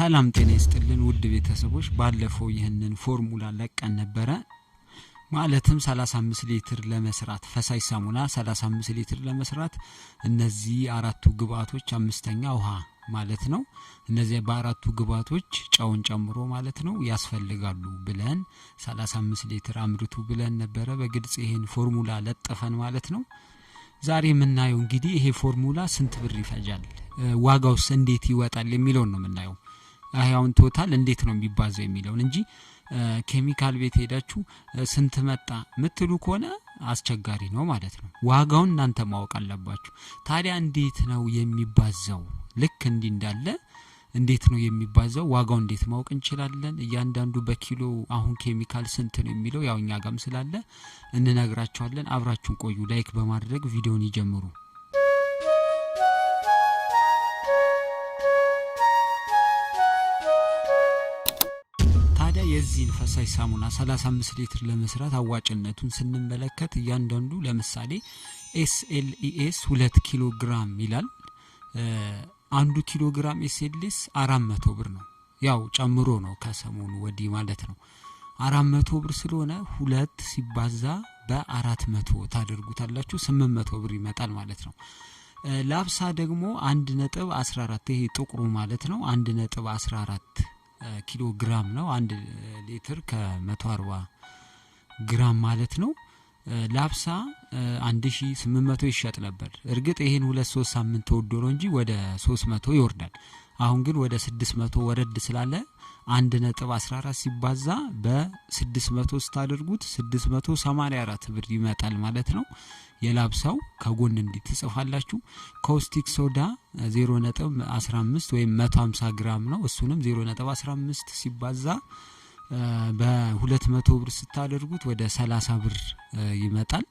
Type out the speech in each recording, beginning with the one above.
ሰላም ጤና ይስጥልን ውድ ቤተሰቦች፣ ባለፈው ይህንን ፎርሙላ ለቀን ነበረ። ማለትም 35 ሊትር ለመስራት ፈሳሽ ሳሙና 35 ሊትር ለመስራት እነዚህ አራቱ ግብአቶች፣ አምስተኛ ውሃ ማለት ነው። እነዚህ በአራቱ ግብአቶች ጨውን ጨምሮ ማለት ነው ያስፈልጋሉ ብለን 35 ሊትር አምርቱ ብለን ነበረ። በግልጽ ይህን ፎርሙላ ለጥፈን ማለት ነው። ዛሬ የምናየው እንግዲህ ይሄ ፎርሙላ ስንት ብር ይፈጃል፣ ዋጋውስ እንዴት ይወጣል የሚለውን ነው የምናየው። አሁን ቶታል እንዴት ነው የሚባዘው የሚለውን እንጂ ኬሚካል ቤት ሄዳችሁ ስንት መጣ ምትሉ ከሆነ አስቸጋሪ ነው ማለት ነው። ዋጋውን እናንተ ማወቅ አለባችሁ። ታዲያ እንዴት ነው የሚባዘው? ልክ እንዲህ እንዳለ እንዴት ነው የሚባዛው? ዋጋው እንዴት ማወቅ እንችላለን? እያንዳንዱ በኪሎ አሁን ኬሚካል ስንት ነው የሚለው ያው እኛ ጋም ስላለ እንነግራቸዋለን። አብራችሁን ቆዩ። ላይክ በማድረግ ቪዲዮን ይጀምሩ። የዚህን ፈሳሽ ሳሙና 35 ሊትር ለመስራት አዋጭነቱን ስንመለከት እያንዳንዱ ለምሳሌ ኤስኤልኢኤስ 2 ኪሎ ግራም ይላል። አንዱ ኪሎ ግራም ኤስኤልኤስ 400 ብር ነው። ያው ጨምሮ ነው ከሰሞኑ ወዲህ ማለት ነው። 400 ብር ስለሆነ ሁለት ሲባዛ በ400 ታደርጉታላችሁ 800 ብር ይመጣል ማለት ነው። ላብሳ ደግሞ 1 ነጥብ 14 ይሄ ጥቁሩ ማለት ነው 1 ነጥብ 14 ኪሎ ግራም ነው። አንድ ሊትር ከ140 ግራም ማለት ነው። ላብሳ 1800 ይሸጥ ነበር። እርግጥ ይህን ሁለት ሶስት ሳምንት ተወዶ ነው እንጂ ወደ 300 ይወርዳል። አሁን ግን ወደ 600 ወረድ ስላለ 1.14 ሲባዛ በ600 ስታደርጉት 684 ብር ይመጣል ማለት ነው። የላብ ከጎን እንዲህ ትጽፋላችሁ። ኮስቲክ ሶዳ 0.15 ወይም 150 ግራም ነው። እሱንም 0.15 ሲባዛ በ200 ብር ስታደርጉት ወደ 30 ብር ይመጣል።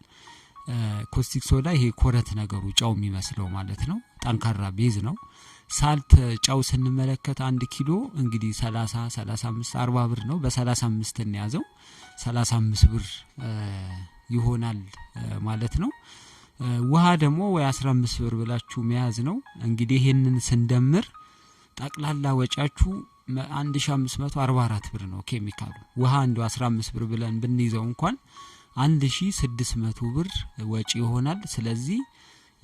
ኮስቲክ ሶዳ ይሄ ኮረት ነገሩ ጨው የሚመስለው ማለት ነው። ጠንካራ ቤዝ ነው። ሳልት ጨው ስንመለከት አንድ ኪሎ እንግዲህ 30 35 40 ብር ነው። በ35 እንያዘው 35 ብር ይሆናል ማለት ነው። ውሃ ደግሞ ወይ 15 ብር ብላችሁ መያዝ ነው። እንግዲህ ይህንን ስንደምር ጠቅላላ ወጪያችሁ 1544 ብር ነው ኬሚካሉ። ውሃ እንደ 15 ብር ብለን ብንይዘው እንኳን 1600 ብር ወጪ ይሆናል። ስለዚህ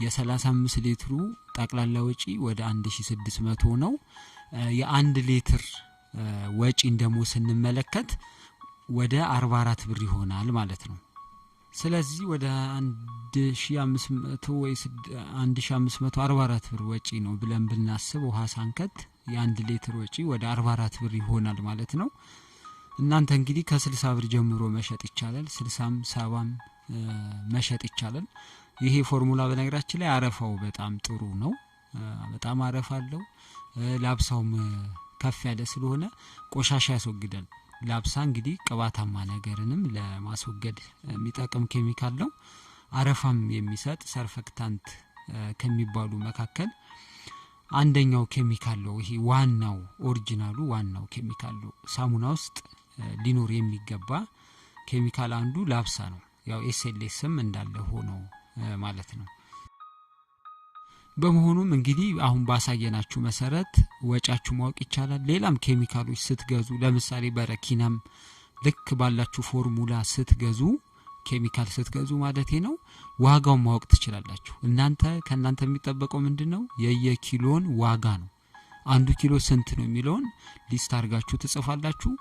የ35 ሊትሩ ጠቅላላ ወጪ ወደ 1600 ነው። የአንድ ሊትር ወጪን ደግሞ ስንመለከት ወደ 44 ብር ይሆናል ማለት ነው። ስለዚህ ወደ 1500 ወይ 1544 ብር ወጪ ነው ብለን ብናስብ ውሃ ሳንከት የአንድ ሊትር ወጪ ወደ 44 ብር ይሆናል ማለት ነው። እናንተ እንግዲህ ከ60 ብር ጀምሮ መሸጥ ይቻላል። 60ም 70ም መሸጥ ይቻላል። ይሄ ፎርሙላ በነገራችን ላይ አረፋው በጣም ጥሩ ነው። በጣም አረፋ አለው። ላብሳውም ከፍ ያለ ስለሆነ ቆሻሻ ያስወግዳል። ላብሳ እንግዲህ ቅባታማ ነገርንም ለማስወገድ የሚጠቅም ኬሚካል ነው። አረፋም የሚሰጥ ሰርፈክታንት ከሚባሉ መካከል አንደኛው ኬሚካል ነው። ይሄ ዋናው ኦሪጂናሉ ዋናው ኬሚካል ነው። ሳሙና ውስጥ ሊኖር የሚገባ ኬሚካል አንዱ ላብሳ ነው። ያው ኤስኤልኤስም እንዳለ ሆኖ ማለት ነው። በመሆኑም እንግዲህ አሁን ባሳየናችሁ መሰረት ወጫችሁ ማወቅ ይቻላል። ሌላም ኬሚካሎች ስትገዙ ለምሳሌ በረኪናም ልክ ባላችሁ ፎርሙላ ስትገዙ ኬሚካል ስትገዙ ማለቴ ነው ዋጋውን ማወቅ ትችላላችሁ። እናንተ ከእናንተ የሚጠበቀው ምንድን ነው? የየኪሎን ዋጋ ነው። አንዱ ኪሎ ስንት ነው የሚለውን ሊስት አድርጋችሁ ትጽፋላችሁ።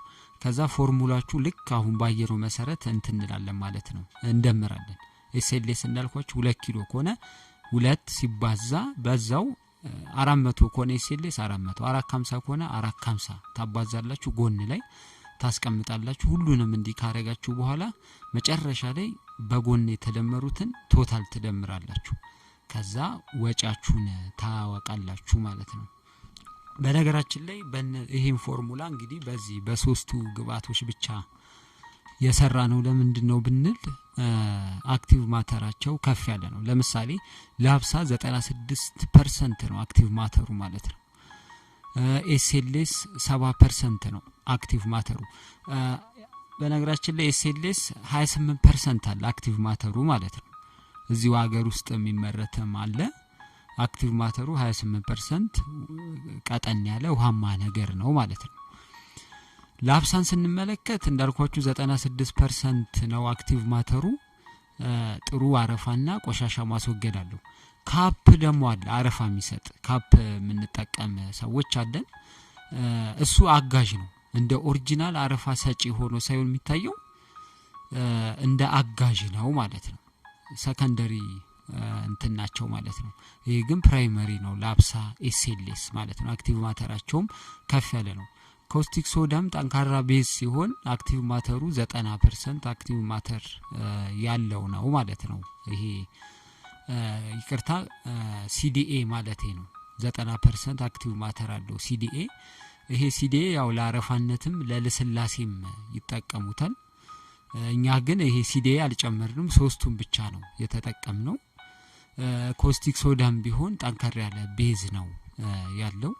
ከዛ ፎርሙላችሁ ልክ አሁን ባየሩ መሰረት እንትንላለን ማለት ነው፣ እንደምራለን። ኤስኤልኤስ እንዳልኳችሁ ሁለት ኪሎ ከሆነ ሁለት ሲባዛ በዛው አራት መቶ ከሆነ ኤስኤልኤስ አራት መቶ አራት ከሀምሳ ከሆነ አራት ከሀምሳ ታባዛላችሁ ጎን ላይ ታስቀምጣላችሁ። ሁሉንም እንዲህ ካረጋችሁ በኋላ መጨረሻ ላይ በጎን የተደመሩትን ቶታል ትደምራላችሁ። ከዛ ወጫችሁን ታወቃላችሁ ማለት ነው። በነገራችን ላይ ይህን ፎርሙላ እንግዲህ በዚህ በሶስቱ ግብአቶች ብቻ የሰራ ነው። ለምንድን ነው ብንል አክቲቭ ማተራቸው ከፍ ያለ ነው። ለምሳሌ ለሀብሳ 96 ፐርሰንት ነው አክቲቭ ማተሩ ማለት ነው። ኤስኤልኤስ 70 ፐርሰንት ነው አክቲቭ ማተሩ። በነገራችን ላይ ኤስኤልኤስ 28 ፐርሰንት አለ አክቲቭ ማተሩ ማለት ነው። እዚሁ ሀገር ውስጥ የሚመረትም አለ አክቲቭ ማተሩ 28 ፐርሰንት ቀጠን ያለ ውሃማ ነገር ነው ማለት ነው። ላፕሳን ስንመለከት እንዳልኳችሁ 96 ፐርሰንት ነው አክቲቭ ማተሩ ጥሩ አረፋና ቆሻሻ ማስወገድ አለው። ካፕ ደግሞ አለ አረፋ የሚሰጥ ካፕ የምንጠቀም ሰዎች አለን። እሱ አጋዥ ነው። እንደ ኦሪጂናል አረፋ ሰጪ ሆኖ ሳይሆን የሚታየው እንደ አጋዥ ነው ማለት ነው። ሰከንደሪ እንትን ናቸው ማለት ነው። ይህ ግን ፕራይመሪ ነው። ላፕሳ ኤስኤልኤስ ማለት ነው። አክቲቭ ማተራቸውም ከፍ ያለ ነው። ኮስቲክ ሶዳም ጠንካራ ቤዝ ሲሆን አክቲቭ ማተሩ ዘጠና ፐርሰንት አክቲቭ ማተር ያለው ነው ማለት ነው። ይሄ ይቅርታ ሲዲኤ ማለት ነው። ዘጠና ፐርሰንት አክቲቭ ማተር አለው ሲዲኤ። ይሄ ሲዲኤ ያው ለአረፋነትም ለልስላሴም ይጠቀሙታል። እኛ ግን ይሄ ሲዲኤ አልጨመርንም፣ ሶስቱን ብቻ ነው የተጠቀምነው። ኮስቲክ ሶዳም ቢሆን ጠንከር ያለ ቤዝ ነው ያለው።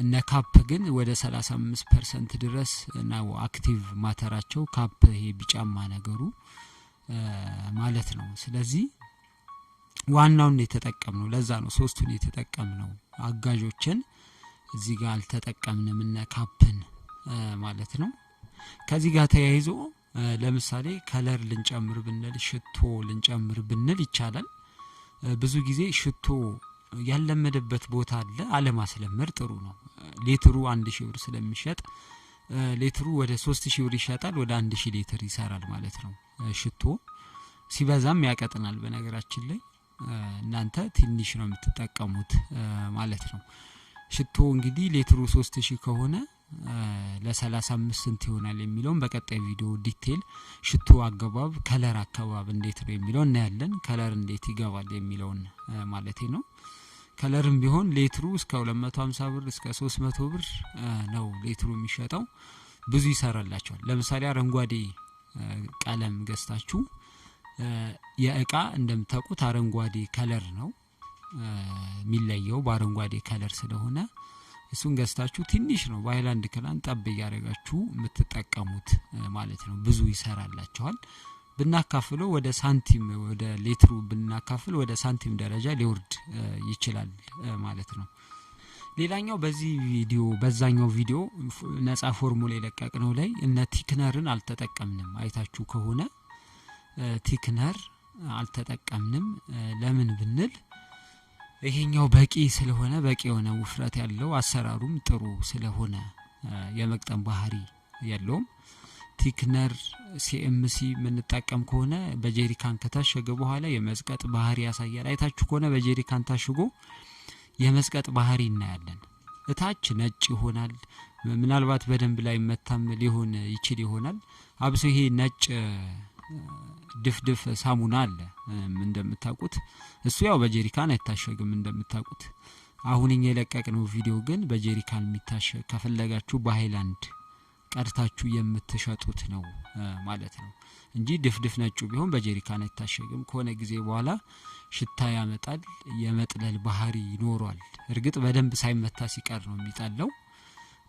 እነ ካፕ ግን ወደ 35 ፐርሰንት ድረስ ነው አክቲቭ ማተራቸው ካፕ ይሄ ቢጫማ ነገሩ ማለት ነው። ስለዚህ ዋናውን የተጠቀም ነው። ለዛ ነው ሶስቱን የተጠቀም ነው። አጋዦችን እዚህ ጋር አልተጠቀምንም እነ ካፕን ማለት ነው። ከዚህ ጋር ተያይዞ ለምሳሌ ከለር ልንጨምር ብንል፣ ሽቶ ልንጨምር ብንል ይቻላል። ብዙ ጊዜ ሽቶ ያለመደበት ቦታ አለ። አለማስለመድ ጥሩ ነው። ሌትሩ አንድ ሺህ ብር ስለሚሸጥ ሌትሩ ወደ ሶስት ሺህ ብር ይሸጣል። ወደ አንድ ሺህ ሌትር ይሰራል ማለት ነው። ሽቶ ሲበዛም ያቀጥናል። በነገራችን ላይ እናንተ ትንሽ ነው የምትጠቀሙት ማለት ነው። ሽቶ እንግዲህ ሌትሩ ሶስት ሺህ ከሆነ ለ35 ስንት ይሆናል የሚለውን በቀጣይ ቪዲዮ ዲቴል ሽቶ አገባብ፣ ከለር አካባብ እንዴት ነው የሚለው እናያለን። ከለር እንዴት ይገባል የሚለውን ማለት ነው። ከለርም ቢሆን ሌትሩ እስከ 250 ብር እስከ 300 ብር ነው ሌትሩ የሚሸጠው። ብዙ ይሰራላቸዋል። ለምሳሌ አረንጓዴ ቀለም ገዝታችሁ የእቃ እንደምታውቁት አረንጓዴ ከለር ነው የሚለየው በአረንጓዴ ከለር ስለሆነ እሱን ገዝታችሁ ትንሽ ነው በሃይላንድ ክላን ጠብ እያደረጋችሁ የምትጠቀሙት ማለት ነው። ብዙ ይሰራላችኋል። ብናካፍለው ወደ ሳንቲም ወደ ሌትሩ ብናካፍል ወደ ሳንቲም ደረጃ ሊወርድ ይችላል ማለት ነው። ሌላኛው በዚህ ቪዲዮ በዛኛው ቪዲዮ ነጻ ፎርሙላ ነው ላይ እነ ቲክነርን አልተጠቀምንም። አይታችሁ ከሆነ ቲክነር አልተጠቀምንም። ለምን ብንል ይሄኛው በቂ ስለሆነ በቂ የሆነ ውፍረት ያለው አሰራሩም ጥሩ ስለሆነ የመቅጠም ባህሪ ያለውም ቲክነር ሲኤምሲ የምንጠቀም ከሆነ በጄሪካን ከታሸገ በኋላ የመዝቀጥ ባህሪ ያሳያል። አይታችሁ ከሆነ በጄሪካን ታሽጎ የመዝቀጥ ባህሪ እናያለን። እታች ነጭ ይሆናል። ምናልባት በደንብ ላይ መታም ሊሆን ይችል ይሆናል። አብሶ ይሄ ነጭ ድፍድፍ ሳሙና አለ እንደምታውቁት። እሱ ያው በጀሪካን አይታሸግም እንደምታውቁት። አሁን እኛ የለቀቅነው ቪዲዮ ግን በጀሪካን የሚታሸግ ከፈለጋችሁ በሃይላንድ ቀድታችሁ የምትሸጡት ነው ማለት ነው እንጂ ድፍድፍ ነጩ ቢሆን በጀሪካን አይታሸግም። ከሆነ ጊዜ በኋላ ሽታ ያመጣል፣ የመጥለል ባህሪ ይኖሯል። እርግጥ በደንብ ሳይመታ ሲቀር ነው የሚጠለው።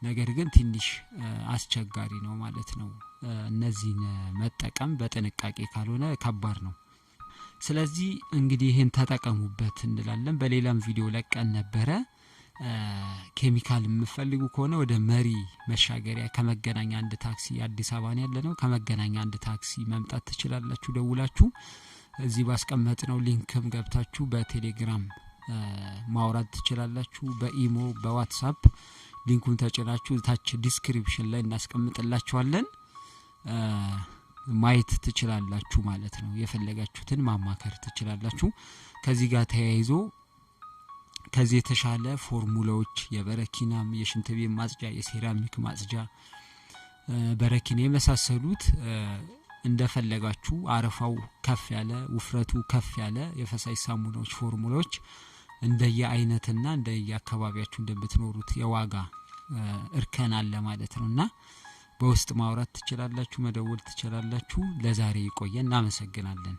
ነገር ግን ትንሽ አስቸጋሪ ነው ማለት ነው። እነዚህን መጠቀም በጥንቃቄ ካልሆነ ከባድ ነው። ስለዚህ እንግዲህ ይህን ተጠቀሙበት እንላለን። በሌላም ቪዲዮ ለቀን ነበረ። ኬሚካል የምፈልጉ ከሆነ ወደ መሪ መሻገሪያ ከመገናኛ አንድ ታክሲ አዲስ አበባ ያለ ነው። ከመገናኛ አንድ ታክሲ መምጣት ትችላላችሁ ደውላችሁ። እዚህ ባስቀመጥ ነው ሊንክም ገብታችሁ በቴሌግራም ማውራት ትችላላችሁ። በኢሞ በዋትሳፕ ሊንኩን ተጭናችሁ ታች ዲስክሪፕሽን ላይ እናስቀምጥላችኋለን። ማየት ትችላላችሁ ማለት ነው። የፈለጋችሁትን ማማከር ትችላላችሁ። ከዚህ ጋር ተያይዞ ከዚህ የተሻለ ፎርሙላዎች የበረኪናም፣ የሽንት ቤት ማጽጃ፣ የሴራሚክ ማጽጃ፣ በረኪና የመሳሰሉት እንደፈለጋችሁ አረፋው ከፍ ያለ ውፍረቱ ከፍ ያለ የፈሳሽ ሳሙናዎች ፎርሙላዎች እንደየ አይነትና እንደየ አካባቢያችሁ እንደምትኖሩት የዋጋ እርከን አለ ማለት ነው እና በውስጥ ማውራት ትችላላችሁ፣ መደወል ትችላላችሁ። ለዛሬ ይቆየ። እናመሰግናለን።